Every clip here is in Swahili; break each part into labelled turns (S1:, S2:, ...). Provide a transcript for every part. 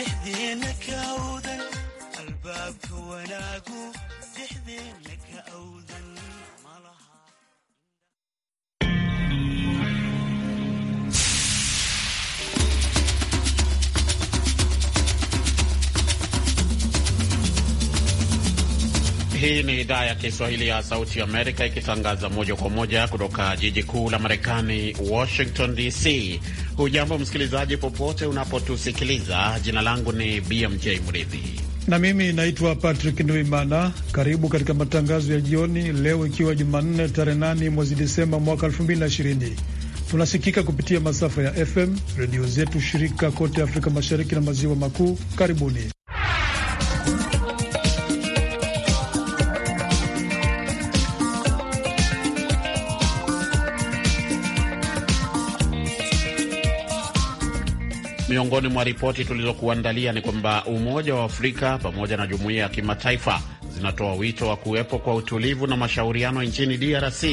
S1: يحذينك أوذن الباب وانا أقول يحذينك أوذن
S2: Hii ni idhaa ya Kiswahili ya Sauti ya Amerika ikitangaza moja kwa moja kutoka jiji kuu la Marekani, Washington DC. Hujambo msikilizaji, popote unapotusikiliza. Jina langu ni BMJ Mridhi
S3: na mimi naitwa Patrick Ndwimana. Karibu katika matangazo ya jioni leo, ikiwa Jumanne tarehe 8 mwezi Disemba mwaka 2020. Tunasikika kupitia masafa ya FM redio zetu shirika kote Afrika Mashariki na Maziwa Makuu. Karibuni.
S2: Miongoni mwa ripoti tulizokuandalia ni kwamba Umoja wa Afrika pamoja na jumuiya ya kimataifa zinatoa wito wa kuwepo kwa utulivu na mashauriano nchini DRC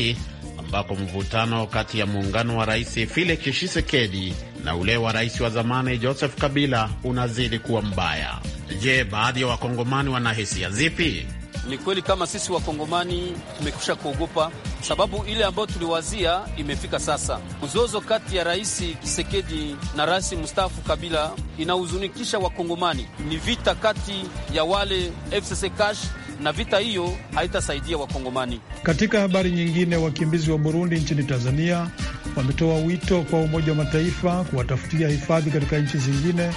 S2: ambako mvutano kati ya muungano wa Rais Felix Tshisekedi na ule wa rais wa zamani Joseph Kabila unazidi kuwa mbaya. Je, baadhi ya Wakongomani wana hisia zipi?
S4: Ni kweli kama sisi wakongomani tumekwisha kuogopa, sababu ile ambayo tuliwazia imefika sasa. Mzozo kati ya Rais Tshisekedi na rais mstaafu Kabila inahuzunikisha wakongomani. Ni vita kati ya wale FCC cash na vita hiyo haitasaidia wakongomani.
S3: Katika habari nyingine, wakimbizi wa Burundi nchini Tanzania wametoa wito kwa Umoja wa Mataifa kuwatafutia hifadhi katika nchi zingine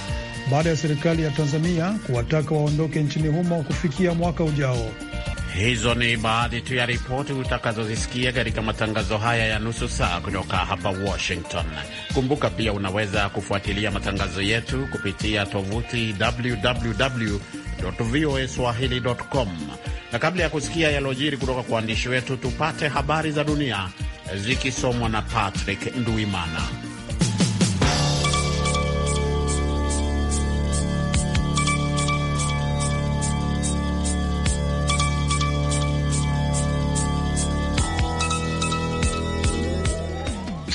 S3: baada ya serikali ya Tanzania kuwataka waondoke nchini humo kufikia mwaka ujao.
S2: Hizo ni baadhi tu ya ripoti utakazozisikia katika matangazo haya ya nusu saa kutoka hapa Washington. Kumbuka pia unaweza kufuatilia matangazo yetu kupitia tovuti www voa swahili com, na kabla ya kusikia yalojiri kutoka kwa waandishi wetu, tupate habari za dunia zikisomwa na Patrick Nduimana.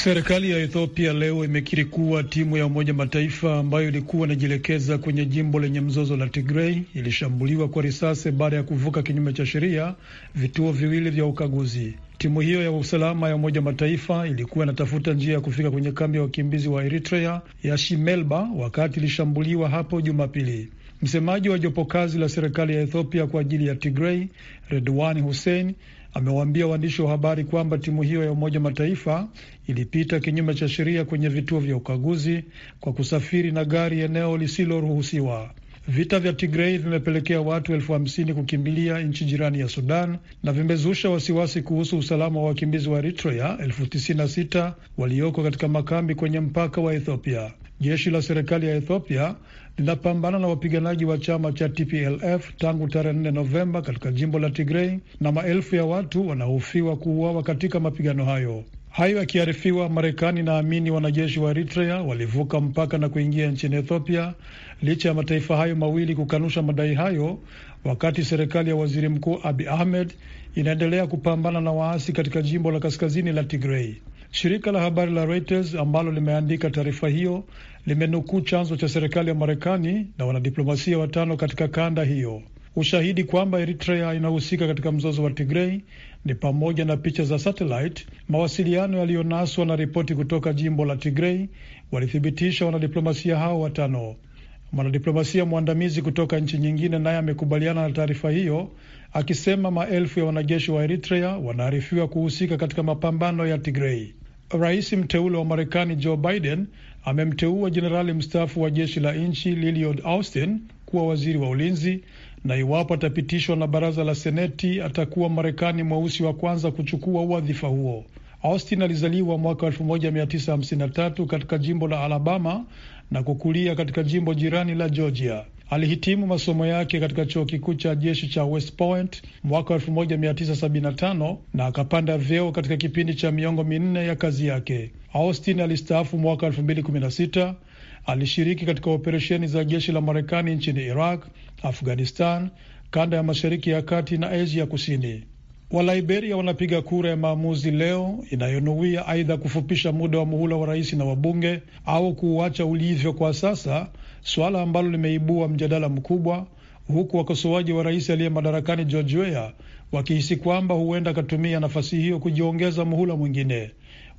S3: Serikali ya Ethiopia leo imekiri kuwa timu ya Umoja Mataifa ambayo ilikuwa inajielekeza kwenye jimbo lenye mzozo la Tigrei ilishambuliwa kwa risasi baada ya kuvuka kinyume cha sheria vituo viwili vya ukaguzi. Timu hiyo ya usalama ya Umoja Mataifa ilikuwa inatafuta njia ya kufika kwenye kambi ya wakimbizi wa Eritrea ya Shimelba wakati ilishambuliwa hapo Jumapili. Msemaji wa jopo kazi la serikali ya Ethiopia kwa ajili ya Tigrei, Redwan Hussein amewaambia waandishi wa habari kwamba timu hiyo ya Umoja Mataifa ilipita kinyume cha sheria kwenye vituo vya ukaguzi kwa kusafiri na gari eneo lisiloruhusiwa. Vita vya Tigrei vimepelekea watu elfu hamsini kukimbilia nchi jirani ya Sudan na vimezusha wasiwasi kuhusu usalama wa wakimbizi wa Eritrea elfu tisini na sita walioko katika makambi kwenye mpaka wa Ethiopia. Jeshi la serikali ya Ethiopia linapambana na wapiganaji wa chama cha TPLF tangu tarehe 4 Novemba katika jimbo la Tigrei, na maelfu ya watu wanahofiwa kuuawa katika mapigano hayo. Hayo yakiarifiwa, Marekani inaamini wanajeshi wa Eritrea walivuka mpaka na kuingia nchini Ethiopia licha ya mataifa hayo mawili kukanusha madai hayo, wakati serikali ya waziri mkuu Abi Ahmed inaendelea kupambana na waasi katika jimbo la kaskazini la Tigrei. Shirika la habari la Reuters ambalo limeandika taarifa hiyo limenukuu chanzo cha serikali ya Marekani na wanadiplomasia watano katika kanda hiyo. Ushahidi kwamba Eritrea inahusika katika mzozo wa Tigrei ni pamoja na picha za satellite, mawasiliano yaliyonaswa na ripoti kutoka jimbo la Tigrei, walithibitisha wanadiplomasia hao watano. Mwanadiplomasia mwandamizi kutoka nchi nyingine naye amekubaliana na, taarifa hiyo akisema maelfu ya wanajeshi wa Eritrea wanaarifiwa kuhusika katika mapambano ya Tigrei. Rais mteule wa Marekani Joe Biden amemteua jenerali mstaafu wa jeshi la nchi Lloyd Austin kuwa waziri wa ulinzi na iwapo atapitishwa na baraza la Seneti atakuwa Marekani mweusi wa kwanza kuchukua wadhifa huo. Austin alizaliwa mwaka 1953 katika jimbo la Alabama na kukulia katika jimbo jirani la Georgia. Alihitimu masomo yake katika chuo kikuu cha jeshi cha West Point mwaka 1975 na akapanda vyeo katika kipindi cha miongo minne ya kazi yake. Austin alistaafu mwaka 2016. Alishiriki katika operesheni za jeshi la Marekani nchini Iraq, Afghanistan, kanda ya mashariki ya kati na Asia Kusini. Waliberia wanapiga kura ya maamuzi leo inayonuia aidha kufupisha muda wa muhula wa rais na wabunge au kuuacha ulivyo kwa sasa, suala ambalo limeibua mjadala mkubwa, huku wakosoaji wa rais aliye madarakani George Weah wakihisi kwamba huenda akatumia nafasi hiyo kujiongeza muhula mwingine.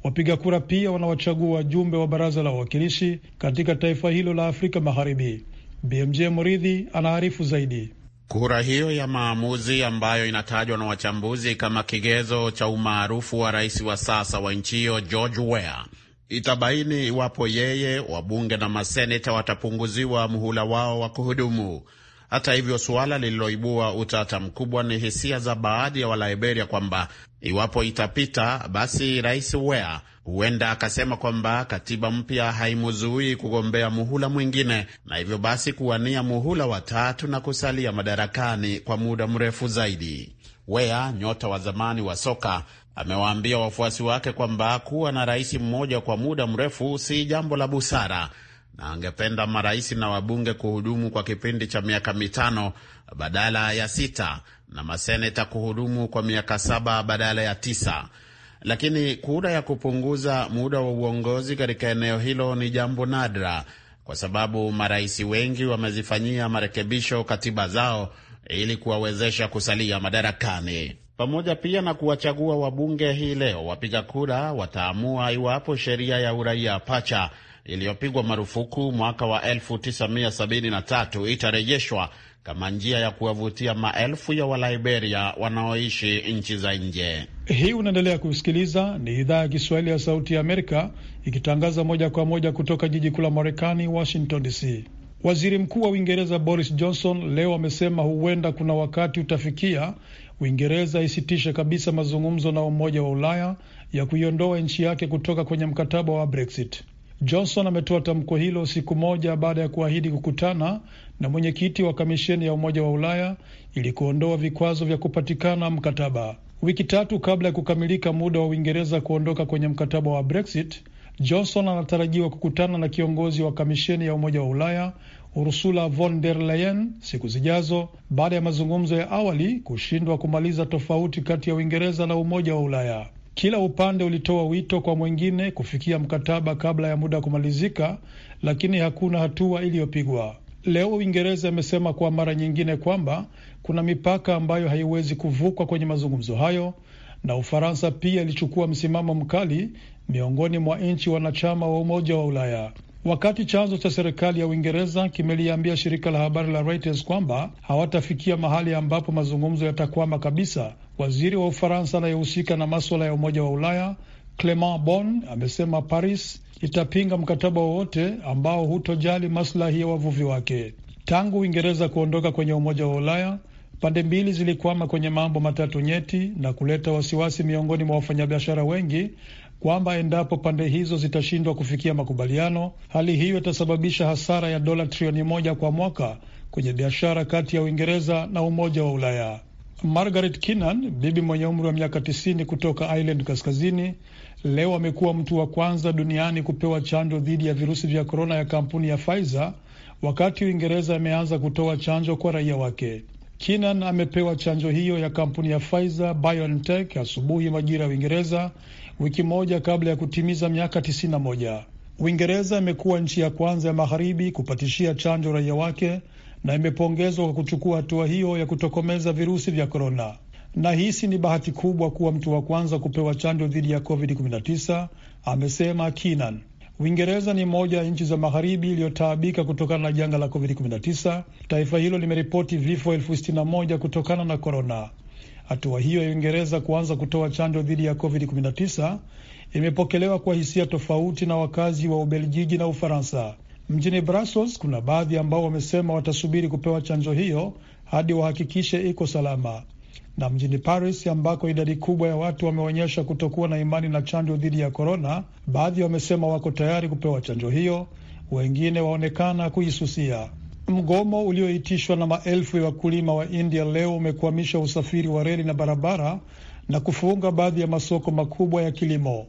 S3: Wapiga kura pia wanawachagua wajumbe wa baraza la wawakilishi katika taifa hilo la Afrika Magharibi. BMJ Muridhi anaarifu zaidi.
S2: Kura hiyo ya maamuzi ambayo inatajwa na wachambuzi kama kigezo cha umaarufu wa rais wa sasa wa nchi hiyo George Weah itabaini iwapo yeye, wabunge na maseneta watapunguziwa muhula wao wa kuhudumu. Hata hivyo, suala lililoibua utata mkubwa ni hisia za baadhi ya Waliberia kwamba iwapo itapita, basi rais Weah Huenda akasema kwamba katiba mpya haimuzuii kugombea muhula mwingine na hivyo basi kuwania muhula wa tatu na kusalia madarakani kwa muda mrefu zaidi. Weah, nyota wa zamani wa soka, amewaambia wafuasi wake kwamba kuwa na rais mmoja kwa muda mrefu si jambo la busara na angependa marais na wabunge kuhudumu kwa kipindi cha miaka mitano badala ya sita na maseneta kuhudumu kwa miaka saba badala ya tisa lakini kura ya kupunguza muda wa uongozi katika eneo hilo ni jambo nadra, kwa sababu marais wengi wamezifanyia marekebisho katiba zao ili kuwawezesha kusalia madarakani. Pamoja pia na kuwachagua wabunge hii leo, wapiga kura wataamua iwapo sheria ya uraia pacha iliyopigwa marufuku mwaka wa 1973 itarejeshwa kama njia ya kuwavutia maelfu ya Waliberia wanaoishi nchi za nje.
S3: Hii unaendelea kusikiliza, ni idhaa ya Kiswahili ya Sauti ya Amerika ikitangaza moja kwa moja kutoka jiji kuu la Marekani, Washington DC. Waziri Mkuu wa Uingereza Boris Johnson leo amesema huenda kuna wakati utafikia Uingereza isitishe kabisa mazungumzo na Umoja wa Ulaya ya kuiondoa nchi yake kutoka kwenye mkataba wa Brexit. Johnson ametoa tamko hilo siku moja baada ya kuahidi kukutana na mwenyekiti wa kamisheni ya Umoja wa Ulaya ili kuondoa vikwazo vya kupatikana mkataba. Wiki tatu kabla ya kukamilika muda wa Uingereza kuondoka kwenye mkataba wa Brexit, Johnson anatarajiwa kukutana na kiongozi wa kamisheni ya Umoja wa Ulaya Ursula von der Leyen siku zijazo baada ya mazungumzo ya awali kushindwa kumaliza tofauti kati ya Uingereza na Umoja wa Ulaya. Kila upande ulitoa wito kwa mwengine kufikia mkataba kabla ya muda kumalizika, lakini hakuna hatua iliyopigwa. Leo Uingereza imesema kwa mara nyingine kwamba kuna mipaka ambayo haiwezi kuvukwa kwenye mazungumzo hayo, na Ufaransa pia ilichukua msimamo mkali miongoni mwa nchi wanachama wa Umoja wa Ulaya. Wakati chanzo cha serikali ya Uingereza kimeliambia shirika la habari la Reuters kwamba hawatafikia mahali ambapo mazungumzo yatakwama kabisa, waziri wa Ufaransa anayehusika na maswala ya Umoja wa Ulaya Clement Bon amesema Paris itapinga mkataba wowote ambao hutojali maslahi ya wavuvi wake. Tangu Uingereza kuondoka kwenye Umoja wa Ulaya, pande mbili zilikwama kwenye mambo matatu nyeti na kuleta wasiwasi miongoni mwa wafanyabiashara wengi kwamba endapo pande hizo zitashindwa kufikia makubaliano, hali hiyo itasababisha hasara ya dola trilioni moja kwa mwaka kwenye biashara kati ya Uingereza na Umoja wa Ulaya. Margaret Kinan, bibi mwenye umri wa miaka tisini kutoka Ireland Kaskazini, leo amekuwa mtu wa kwanza duniani kupewa chanjo dhidi ya virusi vya korona ya kampuni ya Pfizer, wakati Uingereza imeanza kutoa chanjo kwa raia wake. Kinan amepewa chanjo hiyo ya kampuni ya Pfizer BioNTech asubuhi majira ya Uingereza, wiki moja kabla ya kutimiza miaka 91. Uingereza imekuwa nchi ya kwanza ya magharibi kupatishia chanjo raia wake na imepongezwa kwa kuchukua hatua hiyo ya kutokomeza virusi vya korona. Nahisi ni bahati kubwa kuwa mtu wa kwanza kupewa chanjo dhidi ya COVID-19, amesema Kinan. Uingereza ni moja ya nchi za magharibi iliyotaabika kutokana na janga la COVID-19. Taifa hilo limeripoti vifo elfu sitini na moja kutokana na korona. Hatua hiyo ya Uingereza kuanza kutoa chanjo dhidi ya COVID-19 imepokelewa kwa hisia tofauti na wakazi wa Ubeljiji na Ufaransa. Mjini Brussels kuna baadhi ambao wamesema watasubiri kupewa chanjo hiyo hadi wahakikishe iko salama na mjini Paris ambako idadi kubwa ya watu wameonyesha kutokuwa na imani na chanjo dhidi ya korona. Baadhi wamesema wako tayari kupewa chanjo hiyo, wengine waonekana kuisusia. Mgomo ulioitishwa na maelfu ya wakulima wa India leo umekwamisha usafiri wa reli na barabara na kufunga baadhi ya masoko makubwa ya kilimo.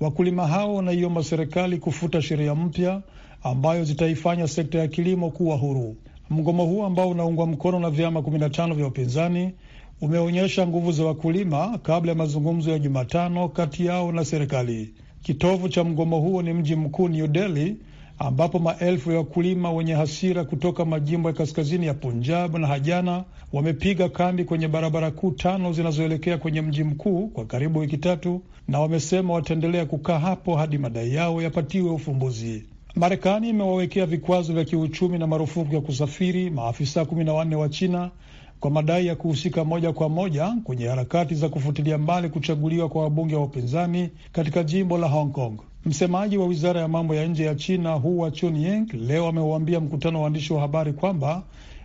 S3: Wakulima hao wanaiomba serikali kufuta sheria mpya ambayo zitaifanya sekta ya kilimo kuwa huru. Mgomo huo ambao unaungwa mkono na vyama 15 vya upinzani umeonyesha nguvu za wakulima kabla ya mazungumzo ya Jumatano kati yao na serikali. Kitovu cha mgomo huo ni mji mkuu New Delhi, ambapo maelfu ya wakulima wenye hasira kutoka majimbo ya kaskazini ya Punjab na Hajana wamepiga kambi kwenye barabara kuu tano zinazoelekea kwenye mji mkuu kwa karibu wiki tatu, na wamesema wataendelea kukaa hapo hadi madai yao yapatiwe ufumbuzi. Marekani imewawekea vikwazo vya kiuchumi na marufuku ya kusafiri maafisa kumi na wanne wa China kwa madai ya kuhusika moja kwa moja kwenye harakati za kufutilia mbali kuchaguliwa kwa wabunge wa upinzani katika jimbo la Hong Kong. Msemaji wa wizara ya mambo ya nje ya China Hua Chunying leo ameuambia mkutano wa waandishi wa habari kwamba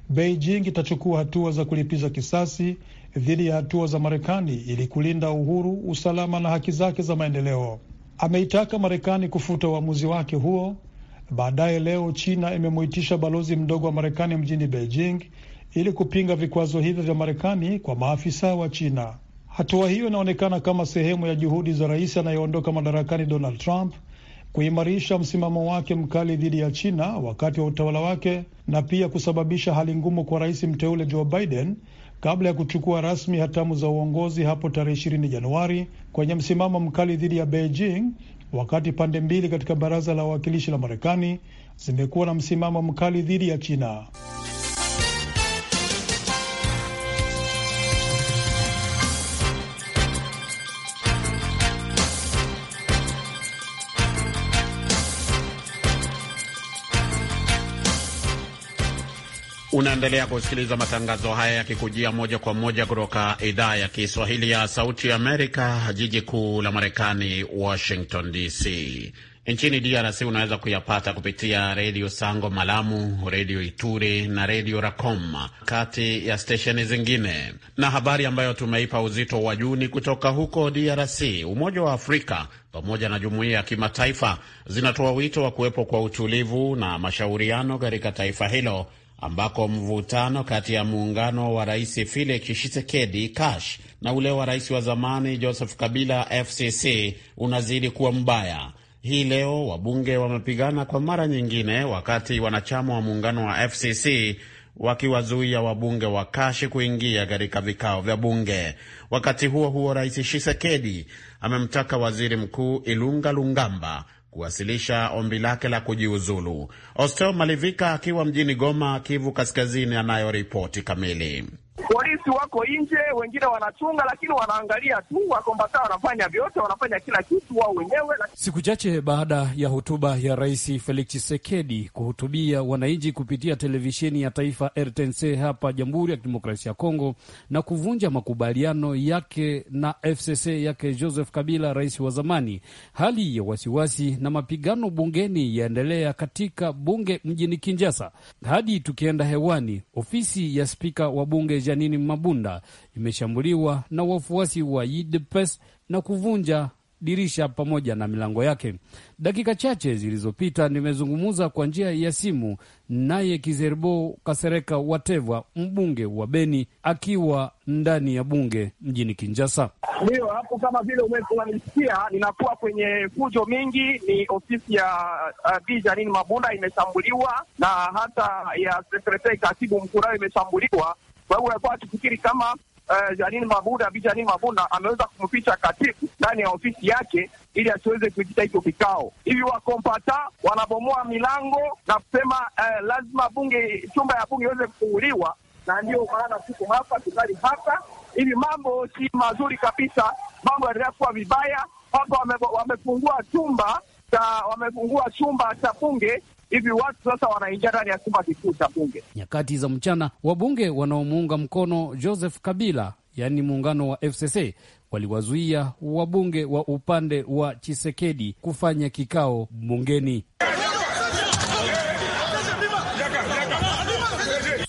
S3: Beijing itachukua hatua za kulipiza kisasi dhidi ya hatua za Marekani ili kulinda uhuru, usalama na haki zake za maendeleo. Ameitaka Marekani kufuta uamuzi wake huo. Baadaye leo China imemwitisha balozi mdogo wa Marekani mjini Beijing ili kupinga vikwazo hivyo vya Marekani kwa maafisa wa China. Hatua hiyo inaonekana kama sehemu ya juhudi za rais anayeondoka madarakani Donald Trump kuimarisha msimamo wake mkali dhidi ya China wakati wa utawala wake na pia kusababisha hali ngumu kwa rais mteule Joe Biden kabla ya kuchukua rasmi hatamu za uongozi hapo tarehe ishirini Januari kwenye msimamo mkali dhidi ya Beijing, wakati pande mbili katika baraza la wawakilishi la Marekani zimekuwa na msimamo mkali dhidi ya China.
S2: Unaendelea kusikiliza matangazo haya yakikujia moja kwa moja kutoka idhaa ya Kiswahili ya Sauti ya Amerika, jiji kuu la Marekani, Washington DC. Nchini DRC unaweza kuyapata kupitia redio Sango Malamu, redio Ituri na redio Racom, kati ya stesheni zingine. Na habari ambayo tumeipa uzito wa juu ni kutoka huko DRC. Umoja wa Afrika pamoja na jumuiya ya kimataifa zinatoa wito wa kuwepo kwa utulivu na mashauriano katika taifa hilo ambako mvutano kati ya muungano wa rais Felix Tshisekedi Cash na ule wa rais wa zamani Joseph Kabila FCC unazidi kuwa mbaya. Hii leo wabunge wamepigana kwa mara nyingine, wakati wanachama wa muungano wa FCC wakiwazuia wabunge wa Kashi kuingia katika vikao vya bunge. Wakati huo huo, rais Tshisekedi amemtaka waziri mkuu Ilunga Lungamba kuwasilisha ombi lake la kujiuzulu. Ostel Malivika akiwa mjini Goma, Kivu Kaskazini, anayoripoti kamili.
S1: Polisi wako nje, wengine wanachunga, lakini wanaangalia tu. Wakombata wanafanya vyote, wanafanya kila kitu wao wenyewe.
S4: Siku chache baada ya hotuba ya Rais Felix Tshisekedi kuhutubia wananchi kupitia televisheni ya taifa RTNC hapa Jamhuri ya Kidemokrasia ya Kongo na kuvunja makubaliano yake na FCC yake Joseph Kabila, rais wa zamani, hali ya wasiwasi na mapigano bungeni yaendelea katika bunge mjini Kinshasa. Hadi tukienda hewani, ofisi ya spika wa bunge Janini Mabunda imeshambuliwa na wafuasi wa UDPS na kuvunja dirisha pamoja na milango yake. Dakika chache zilizopita nimezungumza kwa njia ya simu naye Kizerbo Kasereka Wateva, mbunge wa Beni, akiwa ndani ya bunge mjini Kinjasa.
S1: Ndiyo hapo, kama vile unanisikia, ninakuwa kwenye fujo mingi. Ni ofisi ya uh, Bi Janini Mabunda imeshambuliwa na hata ya sekretari katibu mkuu nayo imeshambuliwa kwa hiyo alikuwa akifikiri kama uh, Janine Mabuda Bi Janine Mabuda ameweza kumpisha katibu ndani ya ofisi yake ili asiweze kuitisha hicho kikao. Hivi wakompata wanabomoa milango na kusema uh, lazima bunge, chumba ya bunge iweze kufunguliwa, na ndio maana tuko hapa, tungali hapa. Hivi mambo si mazuri kabisa, mambo yanaendelea kuwa vibaya hapa. Wamefungua wame chumba wamefungua chumba cha bunge hivi watu sasa wanaingia ndani ya chumba kikuu cha bunge
S4: nyakati za mchana. Wabunge wanaomuunga mkono Joseph Kabila, yaani muungano wa FCC, waliwazuia wabunge wa upande wa Chisekedi kufanya kikao bungeni,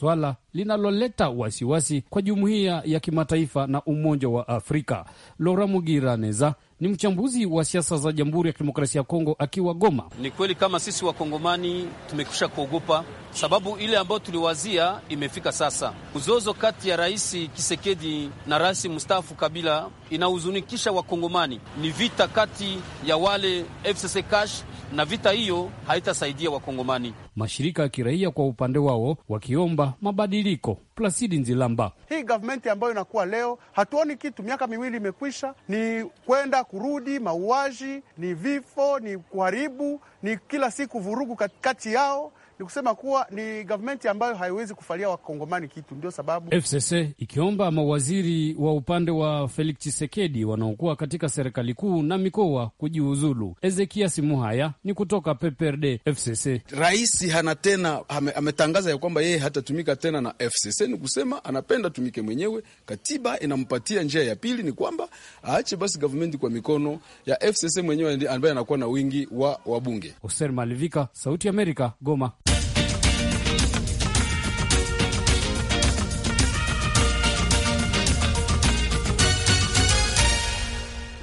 S4: swala linaloleta wasiwasi kwa jumuiya ya kimataifa na Umoja wa Afrika. Lora Mugiraneza ni mchambuzi wa siasa za Jamhuri ya Kidemokrasia ya Kongo akiwa Goma. Ni kweli kama sisi Wakongomani tumekwisha kuogopa, sababu ile ambayo tuliwazia imefika sasa. Mzozo kati ya Rais Kisekedi na Rais mstaafu Kabila inahuzunikisha Wakongomani. Ni vita kati ya wale FCC cash na vita hiyo haitasaidia Wakongomani. Mashirika ya kiraia kwa upande wao wakiomba mabadiliko Plasidi Nzilamba. Hii gavmenti ambayo inakuwa leo, hatuoni
S2: kitu. Miaka miwili imekwisha, ni kwenda kurudi, mauaji, ni vifo, ni kuharibu, ni kila siku vurugu katikati yao ni kusema kuwa ni gavumenti ambayo haiwezi kufalia wakongomani kitu. Ndio sababu FCC
S4: ikiomba mawaziri wa upande wa Felix Chisekedi wanaokuwa katika serikali kuu na mikoa kujiuzulu. Ezekia Simuhaya ni kutoka PPRD FCC. Rais hana tena hame, ametangaza ya kwamba yeye hatatumika tena na FCC, ni kusema anapenda tumike mwenyewe. Katiba inampatia njia ya pili, ni kwamba aache basi gavumenti kwa mikono ya FCC mwenyewe ambaye anakuwa na wingi wa wabunge. Hoser Malivika, Sauti ya Amerika, Goma.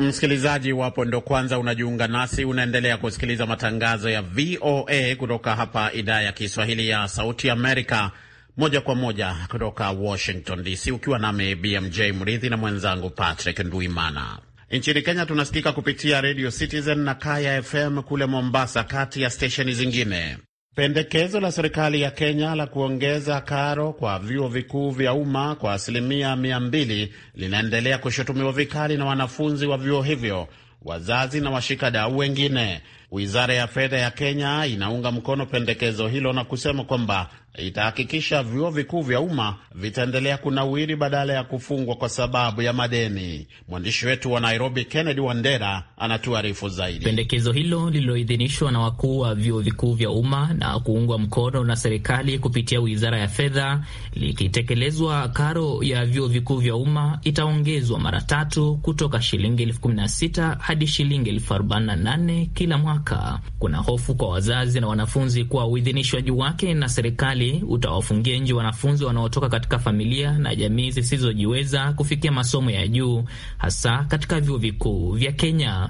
S2: Msikilizaji, iwapo ndo kwanza unajiunga nasi, unaendelea kusikiliza matangazo ya VOA kutoka hapa idhaa ya Kiswahili ya Sauti Amerika, moja kwa moja kutoka Washington DC, ukiwa nami BMJ mridhi na mwenzangu Patrick nduimana Nchini Kenya tunasikika kupitia Radio Citizen na Kaya FM kule Mombasa, kati ya stesheni zingine. Pendekezo la serikali ya Kenya la kuongeza karo kwa vyuo vikuu vya umma kwa asilimia mia mbili linaendelea kushutumiwa vikali na wanafunzi wa vyuo hivyo, wazazi na washikadau wengine. Wizara ya fedha ya Kenya inaunga mkono pendekezo hilo na kusema kwamba itahakikisha vyuo vikuu vya umma vitaendelea kunawiri badala ya kufungwa kwa sababu ya madeni. Mwandishi wetu wa Nairobi, Kennedy Wandera, anatuarifu zaidi.
S5: Pendekezo hilo lililoidhinishwa na wakuu wa vyuo vikuu vya umma na kuungwa mkono na serikali kupitia wizara ya fedha, likitekelezwa, karo ya vyuo vikuu vya umma itaongezwa mara tatu kutoka shilingi elfu kumi na sita hadi shilingi elfu arobaini na nane kila mwaka. Kuna hofu kwa wazazi na wanafunzi kuwa uidhinishwaji wake na serikali serikali utawafungia nje wanafunzi wanaotoka katika familia na jamii zisizojiweza kufikia masomo ya juu hasa katika vyuo vikuu vya Kenya.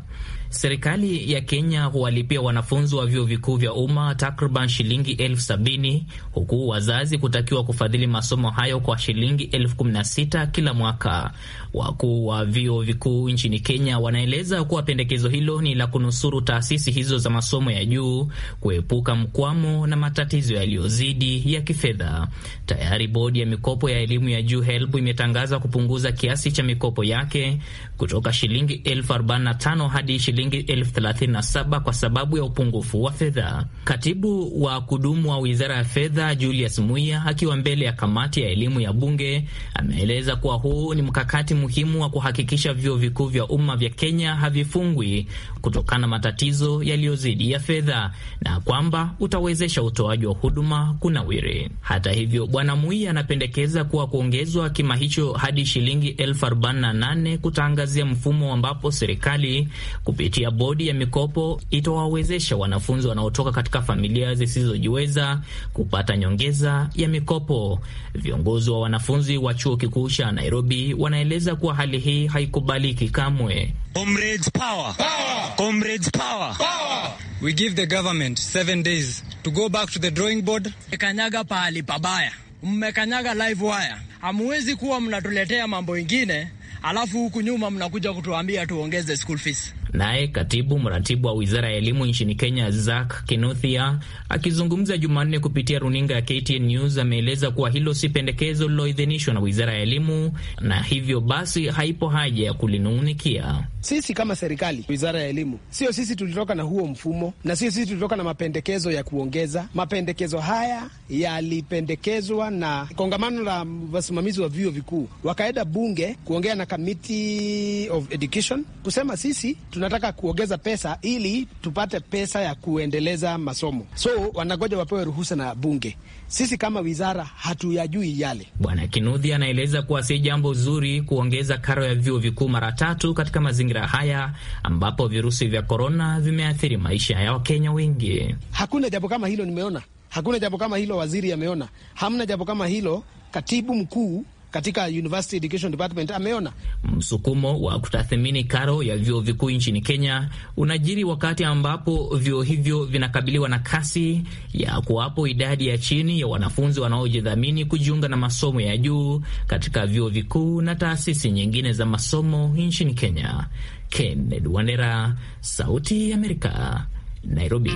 S5: Serikali ya Kenya huwalipia wanafunzi wa vyuo vikuu vya umma takriban shilingi elfu sabini huku wazazi kutakiwa kufadhili masomo hayo kwa shilingi elfu kumi na sita kila mwaka. Wakuu wa vyuo vikuu nchini Kenya wanaeleza kuwa pendekezo hilo ni la kunusuru taasisi hizo za masomo ya juu kuepuka mkwamo na matatizo yaliyozidi ya kifedha. Tayari bodi ya mikopo ya elimu ya juu HELB imetangaza kupunguza kiasi cha mikopo yake kutoka shilingi elfu arobaini na tano hadi shilingi shilingi elfu thelathini na saba kwa sababu ya upungufu wa fedha. Katibu wa kudumu wa wizara ya fedha Julius muya akiwa mbele ya kamati ya elimu ya bunge ameeleza kuwa huu ni mkakati muhimu wa kuhakikisha vyuo vikuu vya umma vya Kenya havifungwi kutokana na matatizo yaliyozidi ya fedha na kwamba utawezesha utoaji wa huduma kunawiri. Hata hivyo, Bwana Muia anapendekeza kuwa kuongezwa kima hicho hadi shilingi elfu arobaini na nane kutaangazia mfumo ambapo serikali kupitia kupitia bodi ya mikopo itawawezesha wanafunzi wanaotoka katika familia zisizojiweza kupata nyongeza ya mikopo. Viongozi wa wanafunzi wa chuo kikuu cha Nairobi wanaeleza kuwa hali hii haikubaliki kamwe. Comrades power. Power. Comrades power. Power. We give the government seven days to go back to the drawing board. Kanyaga pahali pabaya, mmekanyaga live wire. Hamuwezi kuwa mnatuletea mambo ingine alafu huku nyuma mnakuja kutuambia tuongeze school fees. Naye katibu mratibu wa wizara ya elimu nchini Kenya, Zack Kinuthia, akizungumza Jumanne kupitia runinga ya KTN News, ameeleza kuwa hilo si pendekezo lililoidhinishwa na wizara ya elimu, na hivyo basi haipo haja ya kulinung'unikia.
S4: Sisi kama serikali, wizara ya elimu, sio sisi tulitoka na huo mfumo, na sio sisi tulitoka na mapendekezo ya kuongeza. Mapendekezo haya yalipendekezwa na kongamano la wasimamizi wa vyuo vikuu, wakaenda bunge kuongea na Committee of Education kusema sisi tunataka kuongeza pesa ili tupate pesa ya kuendeleza masomo, so wanagoja wapewe ruhusa na bunge. Sisi kama wizara
S1: hatuyajui yale.
S5: Bwana Kinudhi anaeleza kuwa si jambo zuri kuongeza karo ya vyuo vikuu mara tatu katika mazingira haya ambapo virusi vya korona vimeathiri maisha ya Wakenya wengi.
S4: Hakuna jambo kama hilo nimeona, hakuna jambo kama hilo waziri ameona, hamna jambo kama hilo katibu mkuu katika University Education Department ameona
S5: msukumo wa kutathmini karo ya vyuo vikuu nchini Kenya unajiri wakati ambapo vyuo hivyo vinakabiliwa na kasi ya kuwapo idadi ya chini ya wanafunzi wanaojidhamini kujiunga na masomo ya juu katika vyuo vikuu na taasisi nyingine za masomo nchini Kenya. Kenneth Wandera, Sauti ya Amerika, Nairobi.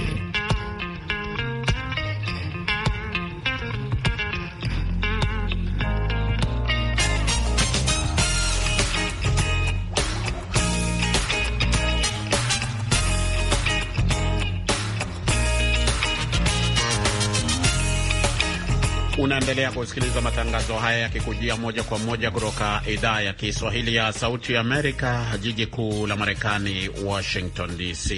S2: Unaendelea kusikiliza matangazo haya yakikujia moja kwa moja kutoka idhaa ya Kiswahili ya Sauti ya Amerika, jiji kuu la Marekani, Washington DC.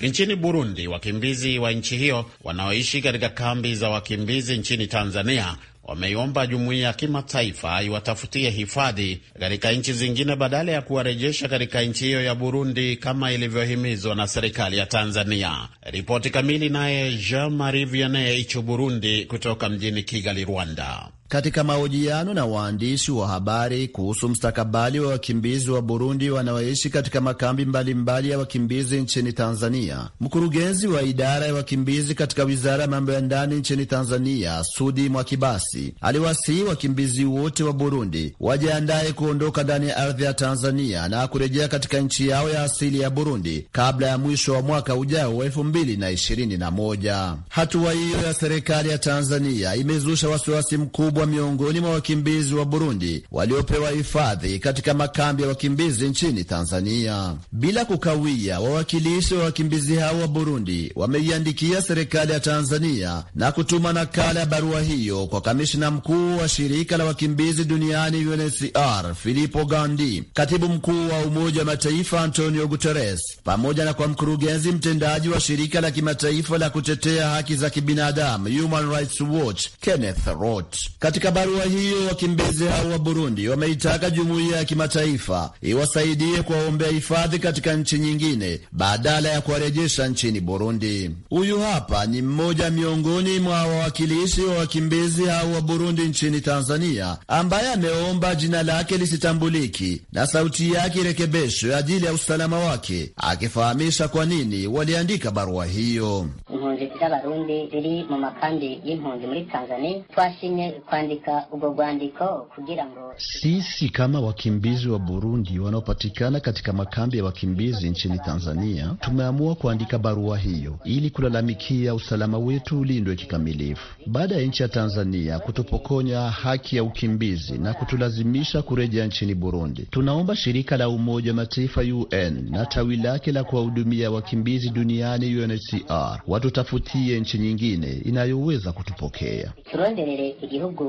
S2: Nchini Burundi, wakimbizi wa nchi hiyo wanaoishi katika kambi za wakimbizi nchini Tanzania wameiomba jumuiya ya kimataifa iwatafutie hifadhi katika nchi zingine badala ya kuwarejesha katika nchi hiyo ya Burundi kama ilivyohimizwa na serikali ya Tanzania. Ripoti kamili naye Jean Marie Vianney Ichu Burundi kutoka mjini Kigali, Rwanda
S6: katika mahojiano na waandishi wa habari kuhusu mstakabali wa wakimbizi wa Burundi wanaoishi katika makambi mbalimbali mbali ya wakimbizi nchini Tanzania, mkurugenzi wa idara ya wakimbizi katika wizara ya mambo ya ndani nchini Tanzania, Sudi Mwakibasi, aliwasihi wakimbizi wote wa Burundi wajiandaye kuondoka ndani ya ardhi ya Tanzania na kurejea katika nchi yao ya asili ya Burundi kabla ya mwisho wa mwaka ujao wa elfu mbili na ishirini na moja. Hatua hiyo ya serikali ya Tanzania imezusha wasiwasi mkubwa kuwa miongoni mwa wakimbizi wa Burundi waliopewa hifadhi katika makambi ya wakimbizi nchini Tanzania. Bila kukawia, wawakilishi wa wakimbizi hao wa Burundi wameiandikia serikali ya Tanzania na kutuma nakala ya barua hiyo kwa kamishina mkuu wa shirika la wakimbizi duniani UNHCR Filippo Grandi, katibu mkuu wa Umoja wa Mataifa Antonio Guterres, pamoja na kwa mkurugenzi mtendaji wa shirika la kimataifa la kutetea haki za kibinadamu Human Rights Watch Kenneth Roth. Katika barua hiyo, wakimbizi hao wa Burundi wameitaka jumuiya ya kimataifa iwasaidie kuwaombea hifadhi katika nchi nyingine badala ya kuwarejesha nchini Burundi. Huyu hapa ni mmoja miongoni mwa wawakilishi wa wakimbizi hao wa Burundi nchini Tanzania ambaye ameomba jina lake lisitambuliki na sauti yake irekebishwe ajili ya usalama wake, akifahamisha kwa nini waliandika barua hiyo.
S7: impunzi z'abarundi ziri mu makambi y'impunzi muri Tanzania twashimye kwa kwandika ubwo bwandiko kugira ngo
S6: sisi kama wakimbizi wa Burundi wanaopatikana katika makambi ya wakimbizi nchini Tanzania tumeamua kuandika barua hiyo ili kulalamikia usalama wetu ulindwe kikamilifu baada ya nchi ya Tanzania kutupokonya haki ya ukimbizi na kutulazimisha kurejea nchini Burundi. Tunaomba shirika la Umoja wa Mataifa UN na tawi lake la kuwahudumia wakimbizi duniani UNHCR watutafutie nchi nyingine inayoweza kutupokea.
S7: Turonderere igihugu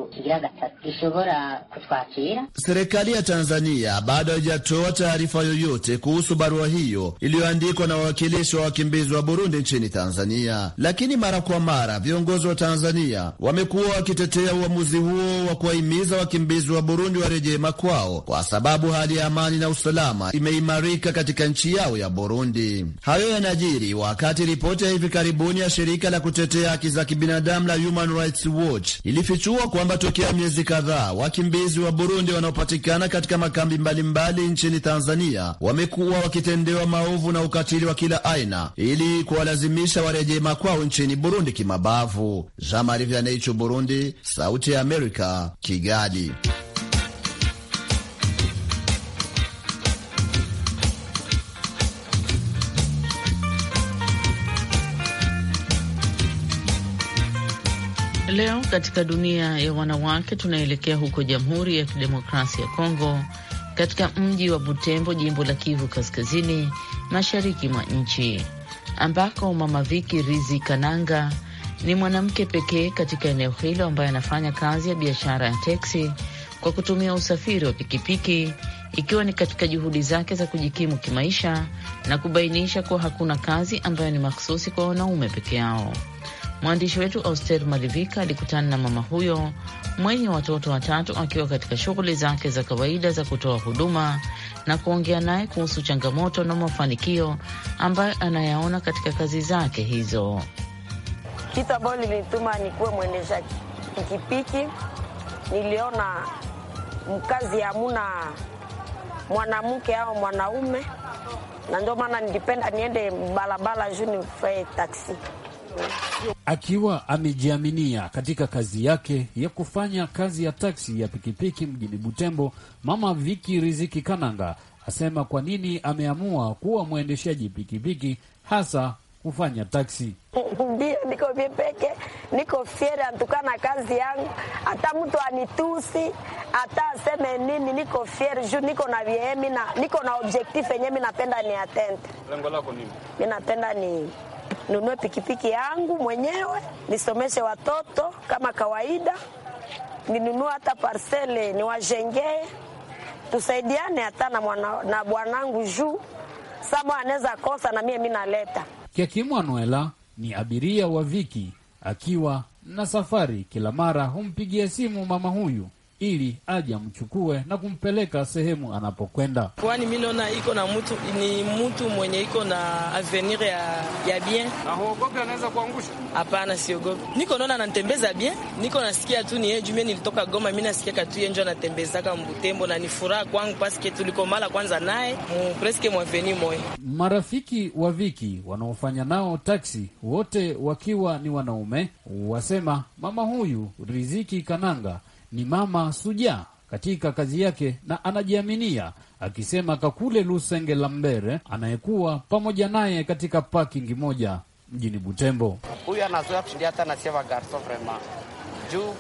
S6: Serikali ya Tanzania bado haijatoa taarifa yoyote kuhusu barua hiyo iliyoandikwa na wawakilishi wa wakimbizi wa Burundi nchini Tanzania, lakini mara kwa mara viongozi wa Tanzania wamekuwa wakitetea uamuzi huo wa kuwahimiza wakimbizi wa Burundi warejee makwao kwa sababu hali ya amani na usalama imeimarika katika nchi yao ya Burundi. Hayo yanajiri wakati ripoti ya hivi karibuni ya shirika la kutetea haki za kibinadamu la Human Rights Watch ilifichua kwa kwamba tokea miezi kadhaa wakimbizi wa Burundi wanaopatikana katika makambi mbalimbali nchini Tanzania wamekuwa wakitendewa maovu na ukatili wa kila aina ili kuwalazimisha warejee makwao nchini Burundi kimabavu. Jean Vianney, Burundi, Sauti ya Amerika, Kigali.
S5: Leo katika dunia ya wanawake, tunaelekea huko Jamhuri ya Kidemokrasia ya Kongo, katika mji wa Butembo, jimbo la Kivu Kaskazini, mashariki mwa nchi, ambako Mama Viki Rizi Kananga ni mwanamke pekee katika eneo hilo ambaye anafanya kazi ya biashara ya teksi kwa kutumia usafiri wa pikipiki, ikiwa ni katika juhudi zake za kujikimu kimaisha na kubainisha kuwa hakuna kazi ambayo ni mahususi kwa wanaume peke yao. Mwandishi wetu Auster Malivika alikutana na mama huyo mwenye watoto watatu akiwa katika shughuli zake za kawaida za kutoa huduma na kuongea naye kuhusu changamoto na mafanikio ambayo anayaona katika kazi zake hizo.
S7: Kitu ambayo lilituma nikuwe mwendesha pikipiki, niliona mkazi hamuna mwanamke au mwanaume, na ndio maana nilipenda niende barabara juu nifae taksi
S4: akiwa amejiaminia katika kazi yake ya kufanya kazi ya taksi ya pikipiki mjini Butembo. Mama Viki Riziki Kananga asema kwa nini ameamua kuwa mwendeshaji pikipiki hasa kufanya taksi.
S7: Ndio, niko vipeke, niko fiera antukana kazi yangu, hata mtu anitusi hata aseme nini, niko fiera ju niko na vyeemi na niko na objektif yenye minapenda ni atente. Lengo lako nini? Minapenda ni nunue pikipiki yangu mwenyewe nisomeshe watoto kama kawaida, ninunue hata parsele niwajengee, tusaidiane hata na, na bwanangu juu sama anaweza kosa na mie minaleta keki.
S4: Mwanuela ni abiria wa Viki akiwa na safari, kila mara humpigia simu mama huyu ili aje amchukue na kumpeleka sehemu anapokwenda,
S5: kwani mi naona iko na mtu ni mtu mwenye iko na avenir ya, ya bien. Ahogopi anaweza kuangusha? Hapana, siogopi, niko naona anatembeza bien, niko nasikia tu ni jumie. Nilitoka Goma, mi nasikia katuyenjo anatembezaka Mbutembo na ni furaha kwangu paske tuliko mala kwanza naye mupreske mwaveni moye
S4: Marafiki wa Viki wanaofanya nao taksi wote wakiwa ni wanaume wasema mama huyu Riziki Kananga ni mama suja katika kazi yake na anajiaminia akisema Kakule Lusenge Lambere anayekuwa pamoja naye katika parking moja mjini Butembo. Huyu anazoea kushindia hata nasieva garso vrema juu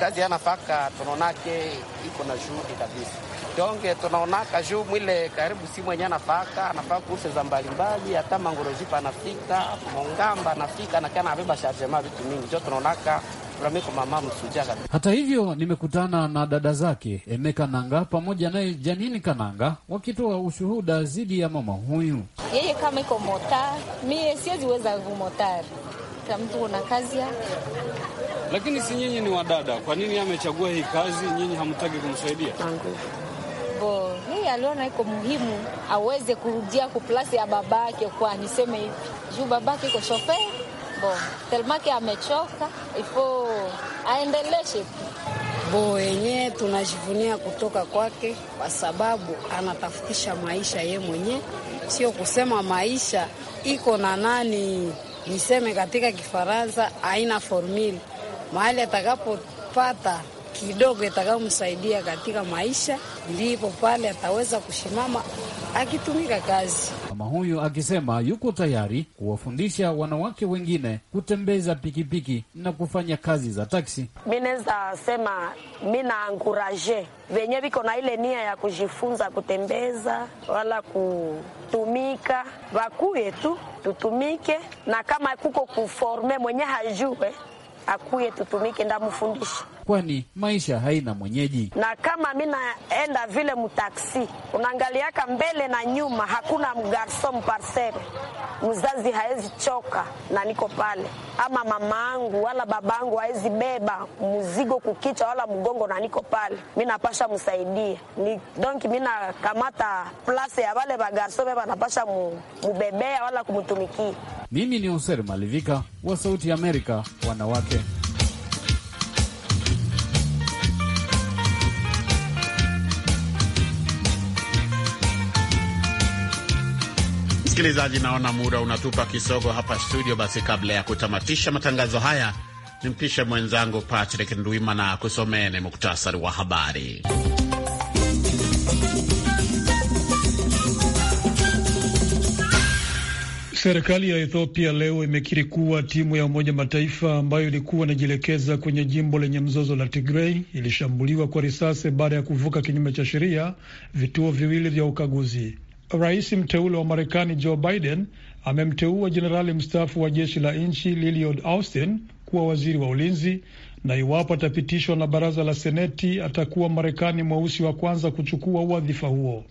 S2: kazi anafaka, tunaonake iko na juhudi kabisa donge, tunaonaka juu mwile karibu si mwenye anafaka, anafaa kuuse za mbalimbali, hata mangorojipa anafika
S4: mongamba anafika nakana abeba sharjema vitu mingi jo tunaonaka hata hivyo nimekutana na dada zake Emeka Nanga pamoja naye Janini Kananga wakitoa ushuhuda dhidi ya mama huyu.
S7: Yeye kama iko mota, mie siwezi weza kumotari kwa mtu una kazi.
S4: Lakini si nyinyi ni wadada, kwa nini amechagua hii kazi? Nyinyi hamtaki kumsaidia?
S7: Bo, yeye aliona iko muhimu aweze kurudia kuplasi ya babake, kwa niseme juu babake iko shoferi Bo Telmaki amechoka, ifo aendeleshe Bo wenyewe tunajivunia kutoka kwake, kwa sababu anatafutisha maisha ye mwenye sio kusema maisha iko na nani, niseme katika Kifaransa aina formula, mahali atakapopata kidogo itakamsaidia katika maisha, ndipo pale ataweza kushimama akitumika kazi.
S4: Mama huyu akisema yuko tayari kuwafundisha wanawake wengine kutembeza pikipiki na kufanya kazi za taksi.
S7: Mi naweza sema mi ankuraje venye viko na ile nia ya kujifunza kutembeza wala kutumika, vakuye tu tutumike, na kama kuko kuforme mwenye hajue akuye tutumike, ndamfundisha
S4: kwani maisha haina mwenyeji.
S7: Na kama mi naenda vile mtaksi, unaangaliaka mbele na nyuma, hakuna mgarson parcel, mzazi hawezi choka na niko pale, ama mama angu wala baba angu hawezi beba mzigo kukicha wala mgongo na niko pale, mi napasha msaidie ni donki, mi nakamata plase ya wale bagarso beba napasha mubebea wala kumtumikia. Mimi ni Hoser Malivika wa Sauti ya Amerika, wanawake
S2: Msikilizaji, naona muda unatupa kisogo hapa studio. Basi kabla ya kutamatisha matangazo haya, nimpishe mwenzangu Patrick Ndwimana kusomene muktasari wa habari.
S3: Serikali ya Ethiopia leo imekiri kuwa timu ya Umoja Mataifa ambayo ilikuwa inajielekeza kwenye jimbo lenye mzozo la Tigrei ilishambuliwa kwa risasi baada ya kuvuka kinyume cha sheria vituo viwili vya ukaguzi. Rais mteule wa Marekani Joe Biden amemteua jenerali mstaafu wa jeshi la nchi Lloyd Austin kuwa waziri wa ulinzi, na iwapo atapitishwa na baraza la Seneti atakuwa Marekani mweusi wa kwanza kuchukua wadhifa huo.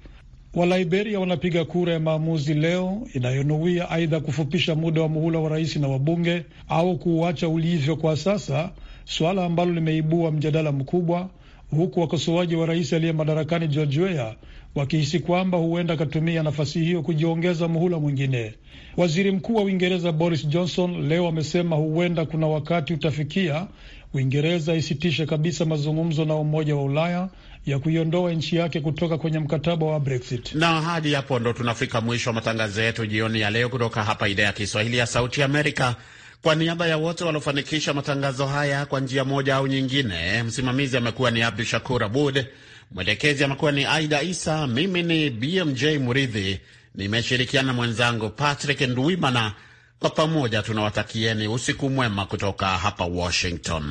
S3: Waliberia wanapiga kura ya maamuzi leo inayonuia aidha kufupisha muda wa muhula wa rais na wabunge au kuuacha ulivyo kwa sasa, suala ambalo limeibua mjadala mkubwa huku wakosoaji wa rais aliye madarakani George Weah wakihisi kwamba huenda akatumia nafasi hiyo kujiongeza muhula mwingine. Waziri Mkuu wa Uingereza Boris Johnson leo amesema huenda kuna wakati utafikia Uingereza isitishe kabisa mazungumzo na Umoja wa Ulaya ya kuiondoa nchi yake kutoka kwenye mkataba wa Brexit.
S2: Na hadi hapo ndo tunafika mwisho wa matangazo yetu jioni ya leo kutoka hapa idhaa ya Kiswahili ya Sauti Amerika. Kwa niaba ya wote waliofanikisha matangazo haya kwa njia moja au nyingine, msimamizi amekuwa ni Abdu Shakur Abud, mwelekezi amekuwa ni Aida Isa, mimi ni BMJ Muridhi, nimeshirikiana mwenzangu Patrick Ndwimana. Kwa pamoja tunawatakieni usiku mwema kutoka hapa Washington.